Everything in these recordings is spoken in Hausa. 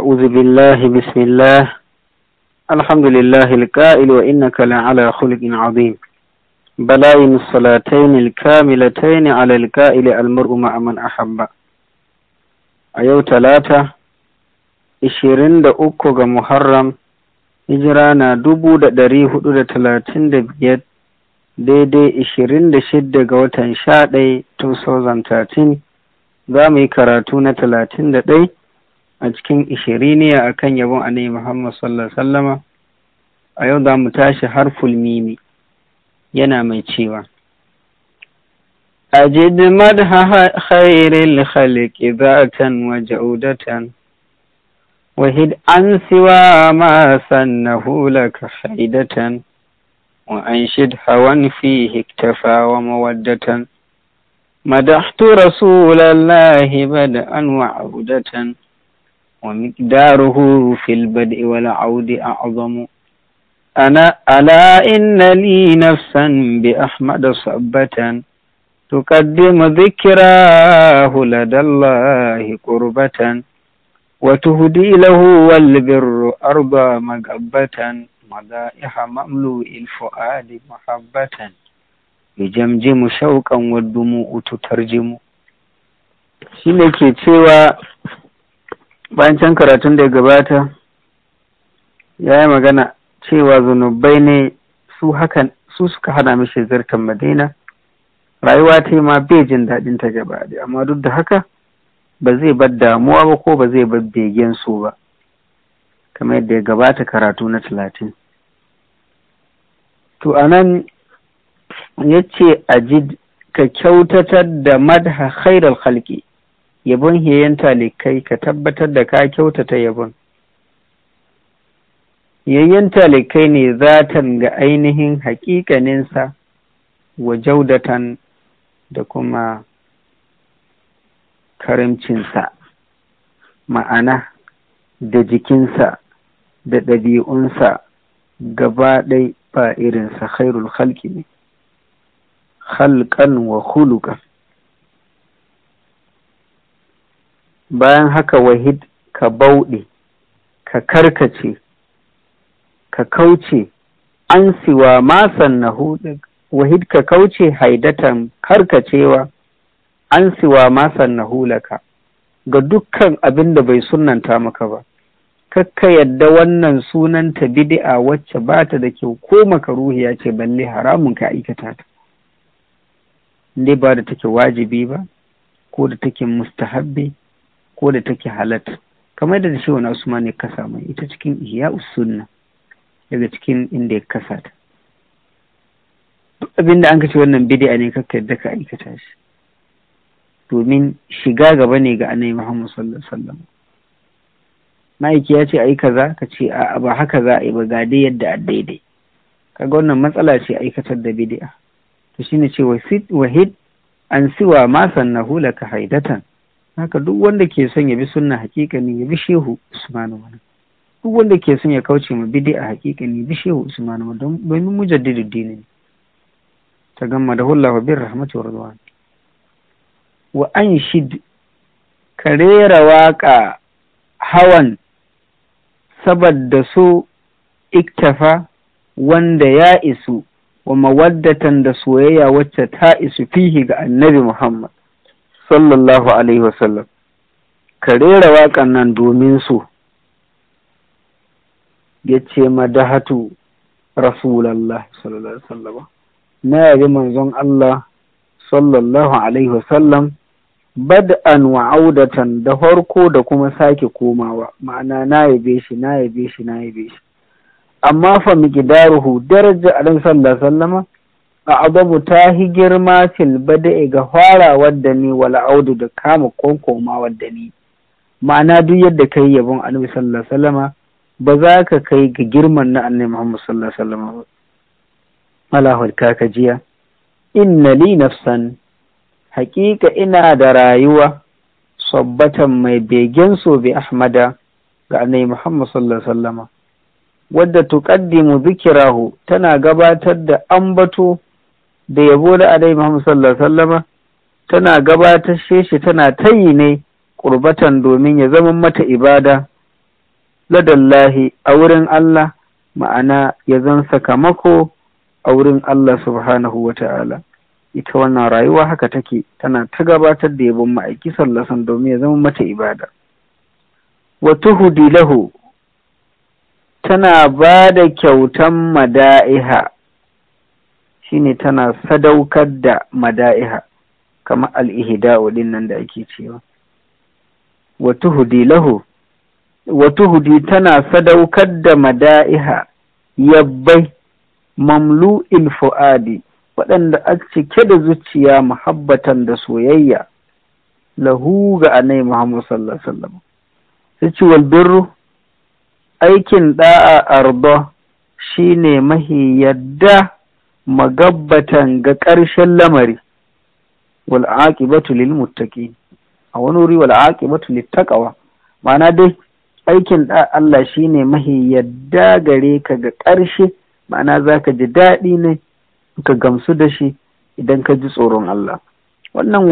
أعوذ بالله بسم الله الحمد لله القائل وإنك لعلى خلق عظيم بلائم الصلاتين الكاملتين على a المرء مع من أحب أيو ثلاثة ishirin da uku ga Muharram hijira na dubu da ɗari hudu da talatin da biyar daidai ishirin da shidda ga watan sha ɗai 2013 za mu yi karatu na talatin da ɗai a cikin ishiriniya a kan yabon annabi Muhammad sallallahu sallama a yau za mu tashi har Fulmini, yana mai cewa أجد مدح خير الخلق ذاتا وجودة وهد عن سوى ما سنه لك حيدة وأنشد هوى فيه اكتفى ومودة مدحت رسول الله بدءا وعودة ومقداره في البدء والعود أعظم أنا ألا إن لي نفسا بأحمد صبة تقدم ذكراه لدى الله قربة وتهدي له والبر أربى مقبة مدائح مملوء الفؤاد محبة يجمجم شوقا والدموع تترجم شيء ne ke bayan can karatun da ya gabata ya yi magana cewa zunubai ne su hakan su suka hana mishi zartan madina rayuwa ta ma bai jin daɗin ta gaba amma duk da haka ba zai bar damuwa ba ko ba zai bar begen su ba kamar yadda ya gabata karatu na talatin to anan ya ce ajid ka kyautatar da madha khairal khalqi yabon hiyayen talikai ka tabbatar da ka kyautata yabon yayyen talikai ne zatan ga ainihin haƙiƙaninsa wa jaudatan da kuma karamcinsa ma'ana da jikinsa da ɗabi'unsa gaba ɗai ba irinsa khairul khalqi ne khalqan wa khuluqan bayan haka wahid ka bauɗe ka karkace ka kauce an siwa masan na wahid ka kauce haidatan karkacewa an siwa masan na hulaka ga dukkan abin da bai sunanta maka ba kakka yadda wannan sunan ta bid'a wacce ba ta da kyau ko ya ce balle haramun ka aikata ta ne ba da take wajibi ba ko da take mustahabbi ko da take halatta kamar da shi na usman ya kasa mai ita cikin ihya usunna daga cikin inda ya kasa ta duk abinda an kace wannan bid'a ne kakka yadda ka aikata shi domin shiga gaba ne ga annabi Muhammad sallallahu alaihi ma'aiki ya ce ai kaza ka ce a ba haka za a yi ba ga dai yadda a daidai kaga wannan matsala ce aikatar da bid'a to shine ce wahid an siwa ma sannahu laka haidatan haka duk wanda ke son ya bi sunna hakikani ya bi shehu usmanu wani duk wanda ke son ya kauce ma a hakikani ya bi shehu usmanu wani domin mujaddidu dini ne ta gama da wa bin rahmatu wa wa anshid ka rera waka hawan saboda so iktafa wanda ya isu wa mawaddatan da soyayya wacce ta isu fihi ga annabi Muhammad sallallahu alaihi wasallam ka rera waƙan nan domin su ya ce madahatu rasulallah sallallahu alaihi wasallam na yabi manzon Allah sallallahu alaihi wasallam bad'an wa audatan da farko da kuma sake komawa ma'ana na yabe shi na yabe shi na yabe shi amma fa miqdaruhu daraja alim sallallahu alaihi wasallam a ababu ta hi girma fil bada'i ga farawar wadda ni wala audu da kama kwankoma wadda ni ma'ana duk yadda kai yabon annabi sallallahu alaihi wasallama ba za ka kai ga girman na annabi muhammad sallallahu alaihi wasallama ba ka kaka jiya inna li nafsan haƙiƙa ina da rayuwa sabbatan mai begen so bi ahmada ga annabi muhammad sallallahu alaihi wasallama wadda tuqaddimu dhikrahu tana gabatar da ambato da yabo da alai Muhammad sallallahu alaihi wasallama tana gabatar shi tana tayi ne qurbatan domin ya zama mata ibada ladallahi a wurin Allah ma'ana ya zan sakamako a wurin Allah subhanahu wa ita wannan rayuwa haka take tana ta gabatar da yabon ma'aiki sallasan domin ya zama mata ibada wa tuhdi lahu tana ba da kyautan mada'iha shine tana sadaukar da mada'iha kamar al'ihida'u din nan da ake cewa watuhudi lahu tana sadaukar da mada'iha yabbai mamlu'il fu'adi waɗanda a cike da zuciya muhabbatan da soyayya lahu ga anai muhammad sallallahu alaihi wasallam aikin da'a arda shine mahi yadda magabbatan ga ƙarshen lamari wal'aƙi batu lil a wani wuri wal'aƙi aqibatu lit ma'ana dai aikin da Allah shine mahi yadda gare ka ga ƙarshe ma'ana ka ji daɗi ne ka gamsu da shi idan ka ji tsoron Allah wannan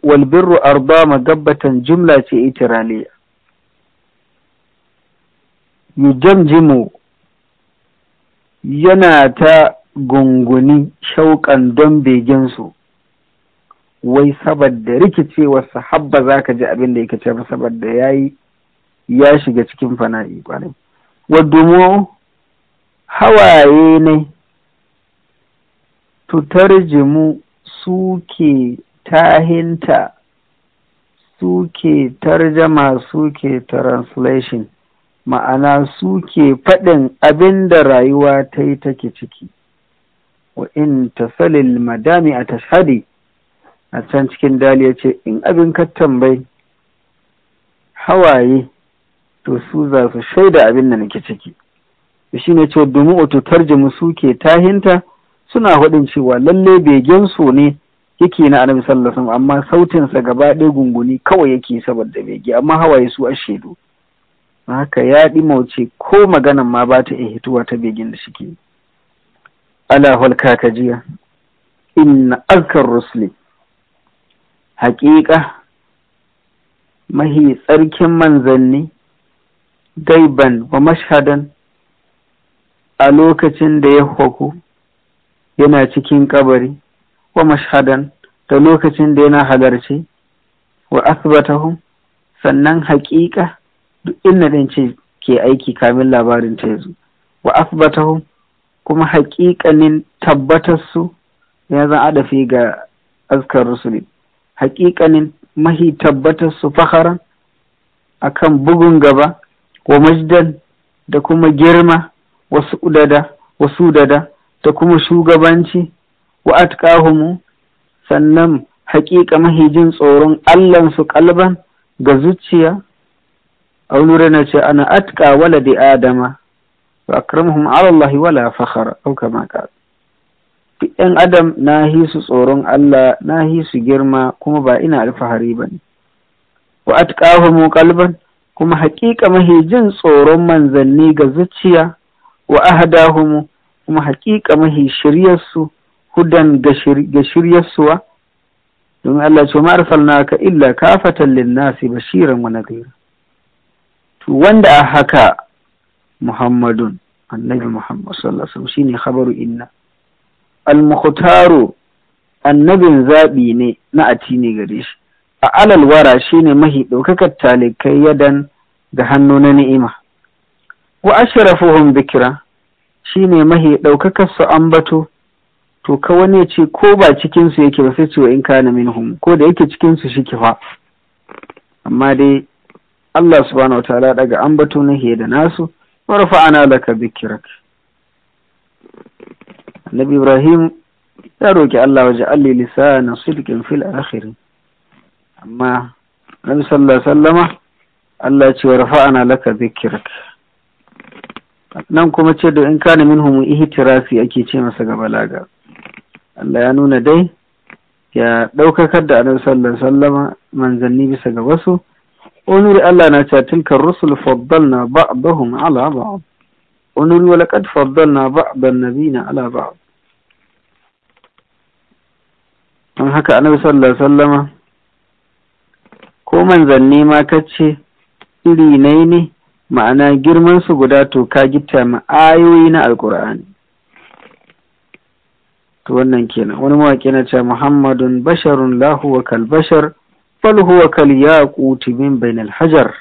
walbirru arba magabbatan jumla ce itiraliya yujamjimu yana ta Gungunin shauƙan don begensu wai saboda rikicewar sahabba za ka ji abin da yake ce saboda ya yi ya shiga cikin fana'i kwarai wadumo hawaye ne tutarjimu suke tahinta suke tarjama suke translation ma'ana suke faɗin abin da rayuwa ta yi take ciki wa in tasalil madami a tashadi a can cikin dali ya ce in abin ka tambayi hawaye to su za su shaida abin da nake ciki shi ne cewa domin wato tarjimu suke tahinta suna hudin cewa lalle begen su ne yake na annabi sallallahu alaihi amma sautinsa gaba ɗaya gunguni kawai yake saboda bege amma hawaye su a shaidu haka ya ɗi mauce ko maganan ma ba ta iya hituwa ta begen da shi ke ala hulka jiya inna azkar rusli haƙiƙa mahi tsarkin manzanni gaiban wa mashhadan a lokacin da ya hwaku yana cikin kabari wa mashhadan da lokacin da yana halarci wa asbatahum sannan haƙiƙa duk inda ɗin ce ke aiki kamin labarin ta yazo wa asbatahum kuma haƙiƙanin tabbatar su ya zan adafi ga askar rusuli haƙiƙanin mahi tabbatar su fahara a kan bugun gaba wa majdan da kuma girma wasu udada wasu dada da kuma shugabanci wa atkahumu sannan haƙiƙa mahi jin tsoron allansu kalban ga zuciya a wani na ce ana atka waladi adama akramhum ala Allah wala fakhar au kama qala yan adam na hi su tsoron Allah na hi su girma kuma ba ina alfahari bane wa atqahum qalban kuma haƙiƙa mahi jin tsoron manzanni ga zuciya wa ahdahumu kuma haƙiƙa mahi shiryarsu hudan ga wa? Don Allah ce ma arsalnaka illa kafatan linnasi bashiran wa nadhira to wanda a haka Muhammadun annabi Muhammad sallallahu alaihi wasallam shine khabaru inna al-mukhtaru annabin zaɓi ne na ati ne gare shi a alal wara shine mahi daukakar talikai yadan da hannu na ni'ima wa ashrafuhum bikira shine mahi daukakar su ambato to ka wani ce ko ba cikin su yake ba sai ce wa in kana minhum ko da yake cikin su shike fa amma dai Allah subhanahu wataala daga ambato na da nasu warfa'ana laka dhikrak Nabi Ibrahim ya roki Allah waje alli na sidqin fil akhir amma Nabi sallallahu alaihi wasallama Allah ya ce warfa'ana laka dhikrak nan kuma ce da in kana minhum ihtirasi ake ce masa ga balaga Allah ya nuna dai ya ɗaukakar da annabi sallallahu alaihi wasallama manzanni bisa ga wasu Onuri Allah na cewa kan rusul faddalna ba'dahum ala ba'd. Onuri wa laqad faddalna nabi na ala ba'd. Don haka Annabi sallallahu alaihi wasallama ko manzanni ma kace iri nai ne ma'ana girman su guda to ka gita ma ayoyi na alkur'ani to wannan kenan wani mawaƙi na cewa muhammadun basharun lahu wa kalbashar bal huwa kal yaquti min bainal hajar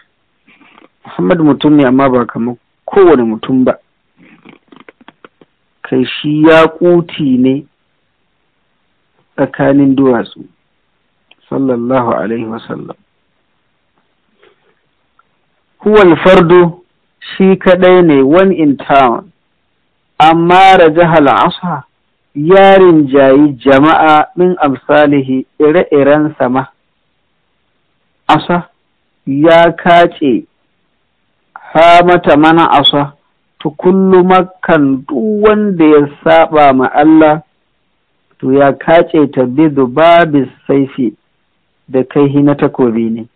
Muhammad mutum ne amma ba kamar kowane mutum ba kai shi yaquti ne tsakanin duwatsu sallallahu alaihi wasallam al fardu shi kadai ne one in town amma rajahal asha yarin jayi jama'a min amsalihi ire-iren sama asa ya kace ha mata mana asa to kullu makkan duk wanda ya saba ma Allah to ya kace ta bi babis saifi da kai hina takobi ne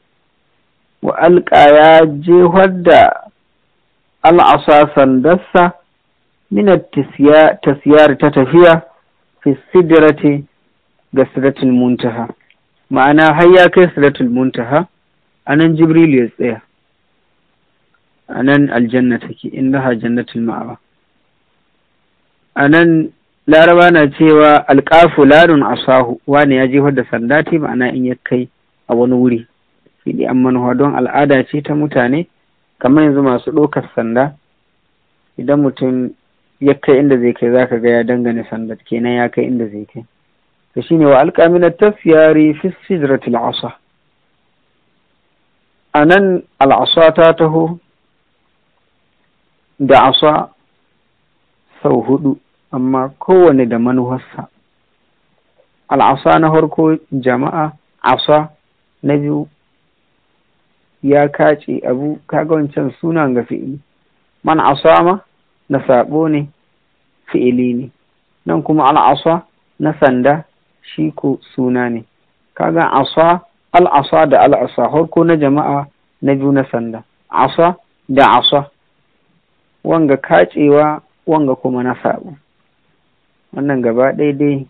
wa alƙa ya je da al'asa sandarsa minar tasiyar ta tafiya fi sidirati ga sidratul muntaha ma'ana har ya kai salatul muntaha anan jibril ya tsaya anan aljanna take ha jannatul ma'awa anan laraba na cewa alqafu ladun asahu wani ya jefar da sanda ce ma'ana in ya kai a wani wuri fiɗi an don al'ada ce ta mutane kamar yanzu masu ɗaukar sanda idan mutum ya kai inda zai kai zaka ga ya dangane sanda kenan ya kai inda zai kai Da shi ne wa alƙaminar tafiyari fi sidratil asa a nan al'asa ta taho da asa sau hudu amma kowane da manuwarsa al'asa na harko jama'a asa na biyu ya kace abu kaga wancan sunan ga fi'ili man ma na sabo ne fi'ili ne nan kuma al'asa na sanda shi ko suna ne kaga asa al'asa da al'asa harko na jama'a na biyu na sanda asa da asa wanga kacewa wanga kuma na saɓo wannan gaba daidai.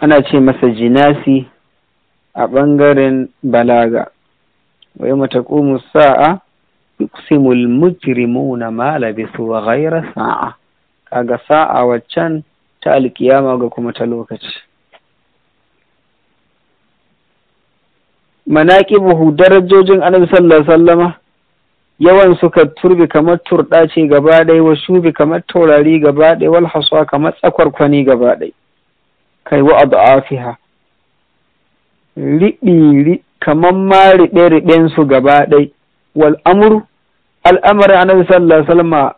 ana ce masa jinasi a ɓangaren balaga wai mata sa'a yuqsimul mujrimuna ma labisu wa ghayra sa'a kaga sa'a waccan ta alkiyama ga kuma ta lokaci buhu, darajojin annabi sallallahu alaihi wasallama yawan suka turbi kamar turda ce gaba ɗaya wa shubi kamar taurari gaba ɗaya wal haswa kamar tsakwarkwani gaba ɗaya kai wa adu'afiha riɓi kamar ma riɓe riɓen su gaba ɗaya wal amru al'amari annabi sallallahu alaihi wasallama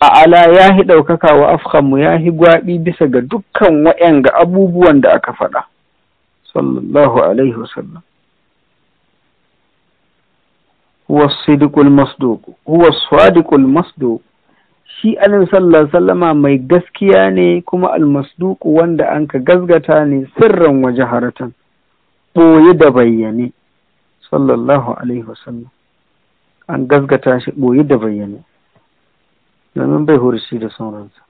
a ala ya hi ɗaukaka wa afhamu ya hi gwaɓi bisa ga dukkan wa'yan ga abubuwan da aka faɗa sallallahu alaihi wasallam huwa sadiqul masduq huwa sadiqul masduq shi annabi sallallahu sallama mai gaskiya ne kuma almasduq wanda an ka gazgata ne sirran waje haratan ɓoye da bayyane sallallahu alaihi wasallam an gazgata shi ɓoye da bayyane domin bai hurshi da sauransa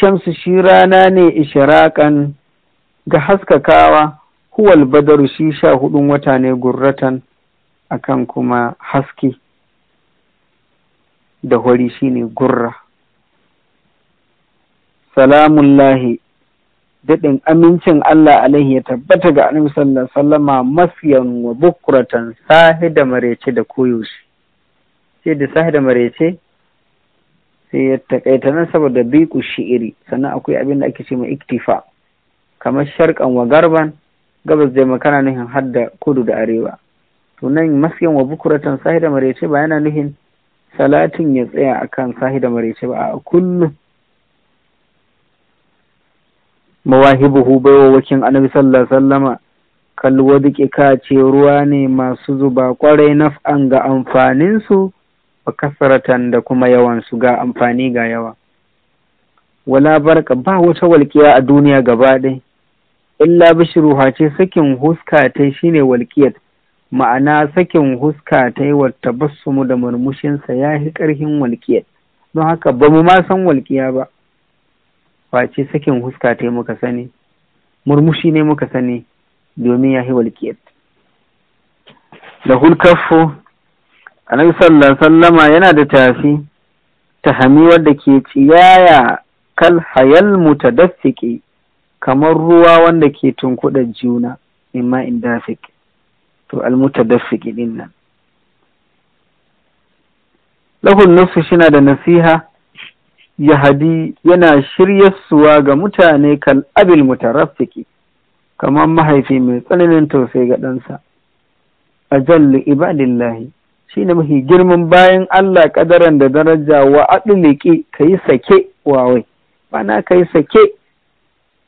shamsu shi rana ne ishirakan ga haskakawa huwal badaru shi sha hudun wata ne gurratan akan kuma haske da hori shi ne gurra salamun lahi daɗin amincin Allah alaihi ya tabbata ga annabi sallallahu alaihi mafiyan wa bukuratan sahi da marece da koyaushe sai da sahi da marece sai ya takaita nan saboda shi iri, sannan akwai abin da ake ce mai iktifa kamar sharkan wa garban gabas da makana nuhin har da kudu da arewa to nan masken wa bukuratan sahi da marece ba yana nuhin salatin ya tsaya akan sahi da marece ba a kullum mawahibuhu wakin annabi sallallahu alaihi wasallama kalwa duke kace ruwa ne masu zuba kwarai naf'an ga amfaninsu wa kasaratan da kuma yawan su ga amfani ga yawa wala barka ba wata walƙiya a duniya gaba ɗaya illa bishiru ce sakin huska ta shine walƙiyar? ma'ana sakin huska ta yi wata basumu da murmushinsa ya fi ƙarfin walƙiyar. don haka ba mu ma san walƙiya ba face sakin huska ta yi muka sani murmushi ne muka sani domin ya fi walƙiyar. da hulkafo annabi sallallahu sallama yana da tafi ta hami wadda ke ciyaya kal hayal mutadaffiki kamar ruwa wanda ke tunkuɗa juna imma in dafik to al mutadaffiki din nan lahu nufi shina da nasiha yahadi yana suwa ga mutane kal abil mutaraffiki kamar mahaifi mai tsananin tausayi ga ɗansa ajallu ibadillahi shine mafi girman bayan Allah kadaran da daraja wa aduliki ka yi sake wawai bana ka yi sake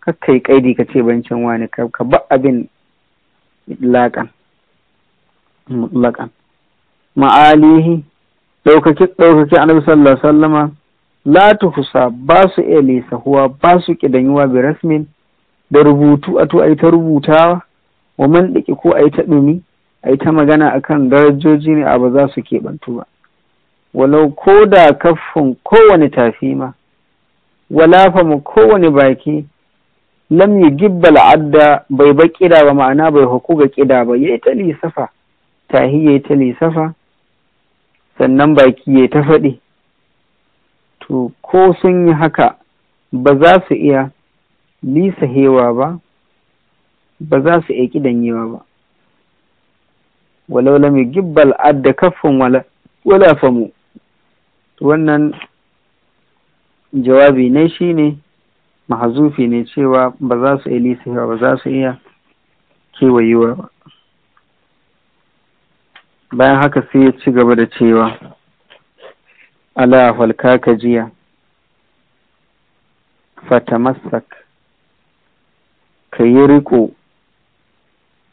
ka kai kaidi ka ce bancin wani ka ba abin laƙan. mutlaƙan ma'alihi ɗaukaki ɗaukaki annabi sallallahu alaihi wasallama la ba su iya huwa ba su kidanyuwa bi rasmin da rubutu a to ai ta rubutawa wa man ko ai ta dumi a yi ta magana akan darajoji ne abu za su keɓantu ba walau ko da kaffin kowane tafi ma wala mu kowane baki lam yi gibba la'adda bai ba ƙida ba ma'ana bai haku ga ƙida ba Yai ta lisafa tahi ya ta lisafa sannan baki ya ta faɗi to ko sun yi haka ba za su iya lisa hewa ba ba za su iya ƙidanyewa ba walau lam gibbal al'adda kaffin wala wala famu wannan jawabi ne shi shine mahazufi ne cewa ba za su iya ba za su iya kewayewa ba bayan haka sai ya ci gaba da cewa ala ka jiya fatamassak ka yi riko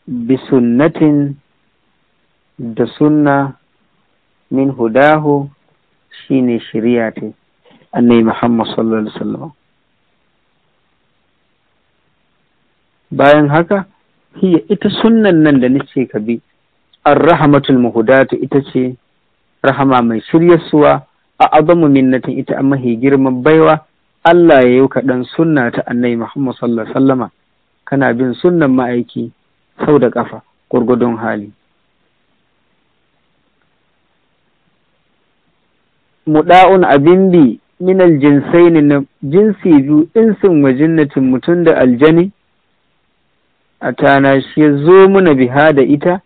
bisunnatin da sunna min hudahu shine shari'a ta annai Muhammad sallallahu alaihi wasallam bayan haka hiya ita sunnan nan da nace ka bi an rahmatul muhudatu ita ce rahama mai shiryarsuwa a azamu minnatin ita a mahi girman baiwa Allah ya yi kaɗan sunna ta annai Muhammad sallallahu alaihi wasallama kana bin sunnan ma'aiki sau da ƙafa gurgudun hali muda'un abin bi min aljinsaini na jinsi biyu insin wa jinnatin mutum da aljani a tana shi ya zo muna biha da ita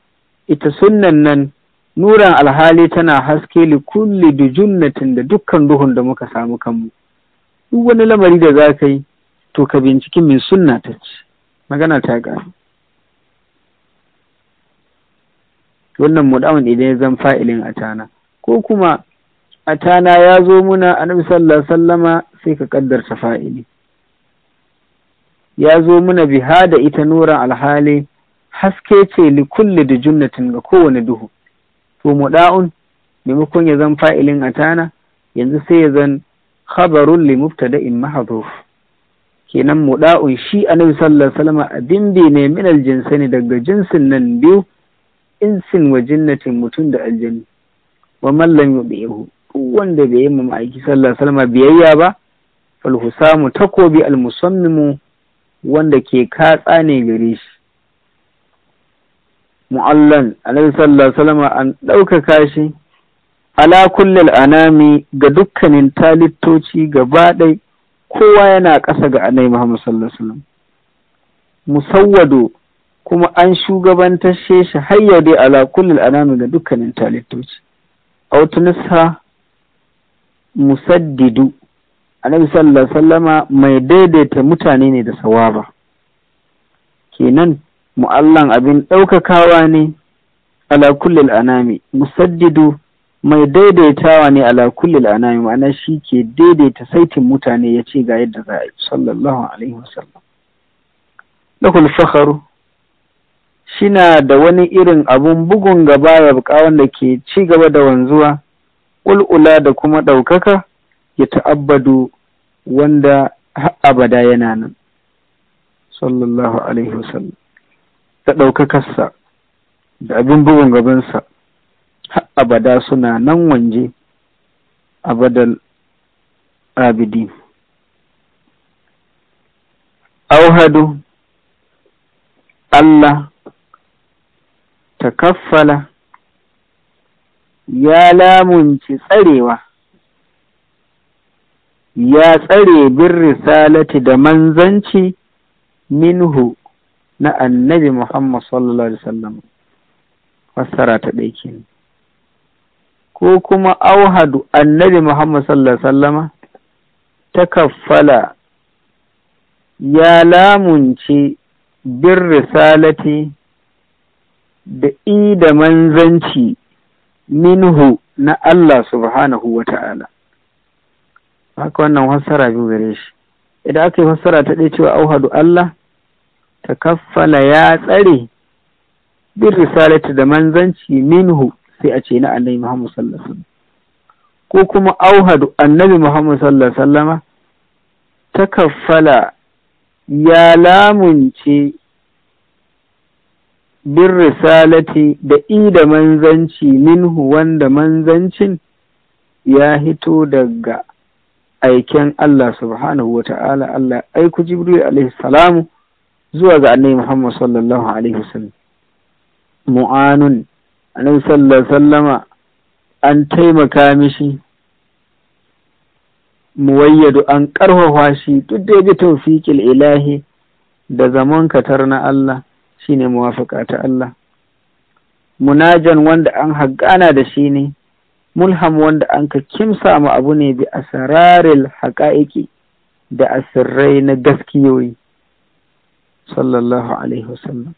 ita sunnan nan nuran alhali tana haske li kulli jinnatin da dukkan duhun da muka samu kanmu duk wani lamari da za ka yi to ka binciki min sunna ta ce magana ta gano wannan mudawun idan ya zan fa'ilin a tana ko kuma atana ya zo muna annabi sallallahu alaihi sallama sai ka kaddarta fa'ili ya zo muna biha da ita nuran alhali haske ce li kulli da junnatin ga kowane duhu to mu muɗa'un maimakon ya zan fa'ilin tana, yanzu sai ya zan khabarun li mubtada'in mahdhuf kenan muɗa'un shi annabi sallallahu alaihi abin bi ne min ne daga jinsin nan biyu insin wa jinnatin mutum da aljani wa man lam wanda bai yi ma ma'aiki sallallahu salama biyayya ba falhusamu takobi almusammimu wanda ke katsa ne gare shi mu'allan alaihi sallah salama an ɗaukaka shi ala kullal anami ga dukkanin talittoci gaba ɗai kowa yana ƙasa ga anai muhammad sallallahu alaihi wasallam musawwado kuma an tashe shi har dai ala kullal anami ga dukkanin talittoci autunisa musaddidu annabi sallallahu sallama mai daidaita mutane ne da sawaba kenan mu'allan abin ɗaukakawa ne ala kullil anami musaddidu mai daidaitawa ne ala kullil anami ma'ana shi ke daidaita saitin mutane ya ce ga yadda za a yi sallallahu alaihi wasallam lakul fakharu shina da wani irin abun bugun gaba ya buƙa wanda ke ci gaba da wanzuwa ƙul'ula da kuma ɗaukaka ya ta'abbadu wanda abada yana nan sallallahu alaihi wasallam da ɗaukakarsa da abin bugun gabansa abada suna nan wanje abadal abidi auhadu Allah takaffala ya lamunci tsarewa ya tsare bin risalati da manzanci minhu na annabi Muhammad sallallahu alaihi wasallam fassara ta ɗaya ko kuma auhadu annabi Muhammad sallallahu alaihi wasallama ta kaffala ya lamunci bin risalati da i da manzanci minhu na Allah subhanahu wa ta'ala haka wannan fassara biyu gare shi idan aka yi fassara ta ɗaya cewa auhadu Allah ta kaffala ya tsare bin risalati da manzanci minhu sai a ce na annabi Muhammad sallallahu alaihi ko kuma auhadu annabi Muhammad sallallahu alaihi ta kaffala ya lamunce bin risalati da ida manzanci minhu wanda manzancin ya hito daga aiken Allah subhanahu wa ta'ala Allah aiku Jibril alaihi salamu zuwa ga annabi Muhammad sallallahu alaihi wasallam mu'anun annabi sallallahu sallama an taimaka mishi muwayyadu an ƙarfafa shi duk da ya ji tawfiqil ilahi da zaman katar na Allah Shi ne muwafaka ta Allah munajan wanda an haƙana da shi ne mulham wanda an ka kimsa ma abu ne bi asraril haƙa'iƙi da asirrai na gaskiyoyi sallallahu alaihi wasallam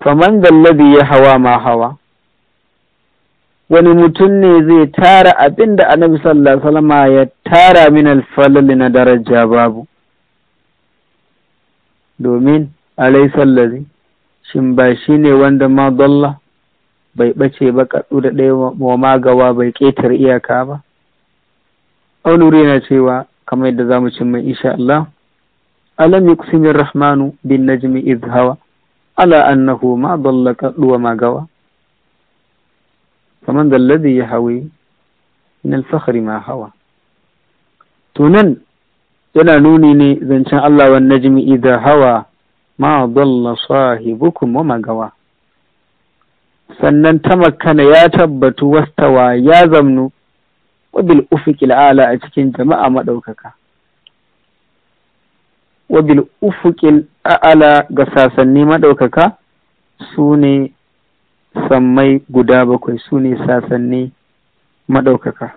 faman gallabi ya hawa ma hawa wani mutum ne zai tara abin da annabi sallallahu alaihi wasallama ya tara min alfalali na daraja babu domin alaisallazi shin ba shi ne wanda ma dalla bai ɓace ba kaɗu da ɗaya wa magawa bai ƙetar iyaka ba aunuri yana cewa kamar yadda za mu cin mai insha Allah alam yuqsimir rahmanu bin najmi iz hawa ala annahu ma dalla kaɗu wa magawa faman dalladhi yahwi min al-fakhri ma hawa to nan yana nuni ne zancen Allah wa najmi idha hawa ma dalla sahibukum wa magawa sannan tamakkana ya tabbatu wastawa ya zamnu wabil ufuqil ala a cikin jama'a madaukaka wabil ufuqil ala ga sasanni madaukaka sune sammai guda bakwai sune sasanni madaukaka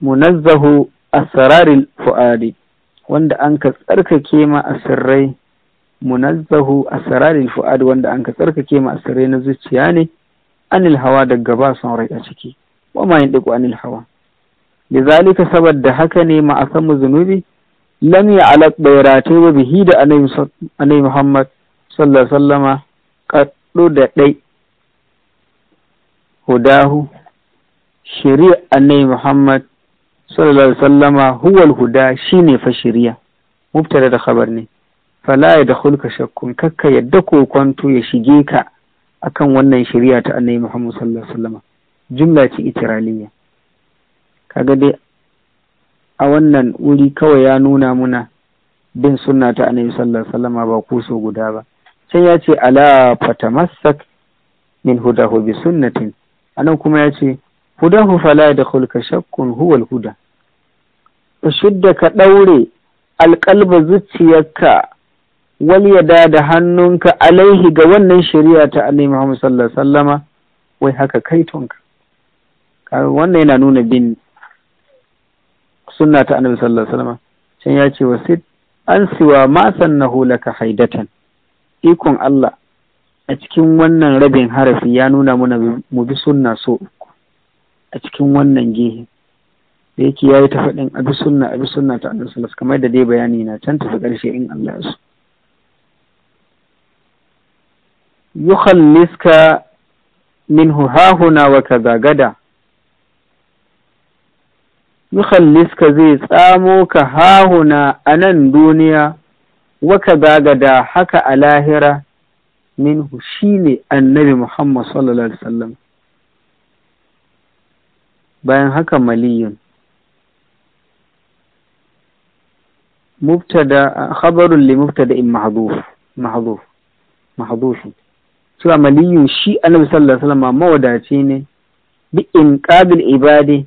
munazzahu asraril fu'adi wanda an ka tsarkake ma asirrai munazzahu asraril fu'adi wanda an ka tsarkake ma asirrai na zuciya ne anil hawa daga ba son rai a ciki wa ma yin anil hawa lizalika saboda haka ne ma asamu zunubi lam ya alaq bai rataye ba bihi da annabi Muhammad sallallahu sallama kaddo da dai hudahu shari'a annabi Muhammad sallallahu alaihi wasallama huwal huda shine fa shiriya mubtada da khabar ne fala ya da hulka shakkun kakka yadda kwanto ya shige ka akan wannan shiriya ta annabi Muhammad sallallahu alaihi wasallama jumla ce itiraliya kaga dai a wannan wuri kawai ya nuna muna bin sunna ta annabi sallallahu alaihi wasallama ba kuso guda ba sai ya ce ala fatamassak min hudahu bi sunnatin anan kuma ya ce hudahu fala da hulka shakkun huwal huda shidda ka ɗaure alƙalba zuciyarka wal yada da hannunka alaihi ga wannan shari'a ta annabi Muhammad sallallahu alaihi wasallama wai haka kaitonka wannan yana nuna bin sunna ta annabi sallallahu alaihi wasallama can ya ce wasit an siwa ma sannahu laka haidatan ikon Allah a cikin wannan rabin harafi ya nuna muna mu bi sunna so a cikin wannan gihin. da yake yayi ta faɗin abi sunna abi sunna ta annabi sallallahu kamar da dai bayani na can tafi ƙarshe in Allah su yukhalliska minhu hahuna wa kaza gada yukhalliska zai tsamo ka hahuna a nan duniya wa kaza gada haka a lahira minhu shine annabi Muhammad sallallahu alaihi wasallam bayan haka maliyun مبتدا خبر لمبتدا محذوف محذوف محذوف cewa maliyun shi annabi sallallahu alaihi wasallam mawadaci ne bi'in inqabil ibadi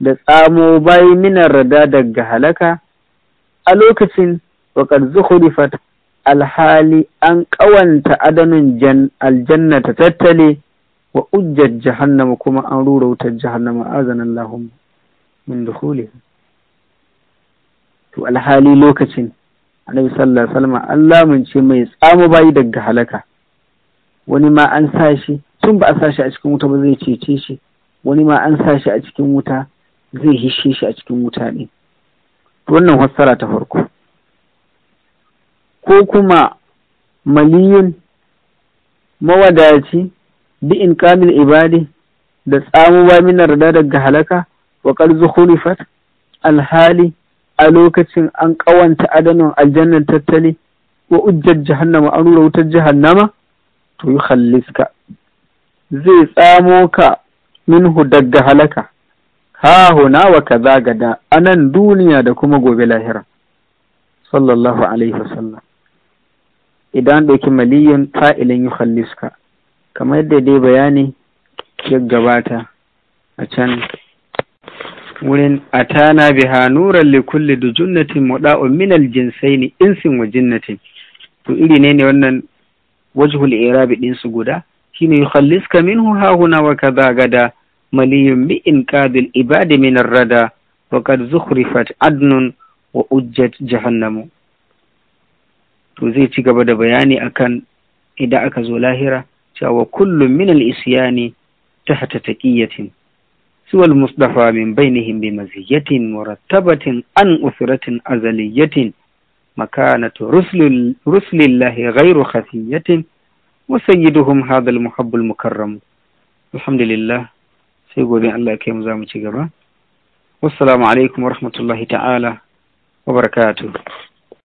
da tsamo bai mina rada daga halaka a lokacin waƙar zuhurifat alhali an ƙawanta adanin aljanna ta tattale wa ujjar jahannama kuma an rura wutar jahannama azanan lahum min dukhulihim to alhali lokacin annabi sallallahu alaihi wasallam an lamunce mai tsamu bayi daga halaka wani ma an sa shi tun ba a sa shi a cikin wuta ba zai cece shi wani ma an sa shi a cikin wuta zai hishe shi a cikin wuta ne wannan fassara ta farko ko kuma maliyin mawadaci bi'in kamil ibadi da tsamu ba min rada daga halaka wa qad alhali a lokacin an ƙawanta adanin aljannan tattali wa ujjar jahannama an rura wutar jahannama to yi halliska zai tsamo ka min daga halaka ha huna wa kaza gada anan duniya da kuma gobe lahira sallallahu alaihi wasallam idan ɗauki maliyan fa'ilin yi halliska kamar yadda dai bayani ya gabata a can wurin atana biha nuran li kulli dujunnatin muda'un minal jinsai ne insin wa jinnatin to iri ne ne wannan wajhul i'rabi din su guda shine yukhalliska minhu ha huna wa kaza gada maliyun bi inqadil ibadi min rada wa qad zukhrifat adnun wa ujjat jahannamu to zai ci gaba da bayani akan idan aka zo lahira cewa kullum min al-isyani tahta taqiyatin سوى المصطفى من بينهم بمزية مرتبة عن أسرة أزلية مكانة رسل, رسل الله غير خفية وسيدهم هذا المحب المكرم الحمد لله سيقول الله كيم زامتي والسلام عليكم ورحمة الله تعالى وبركاته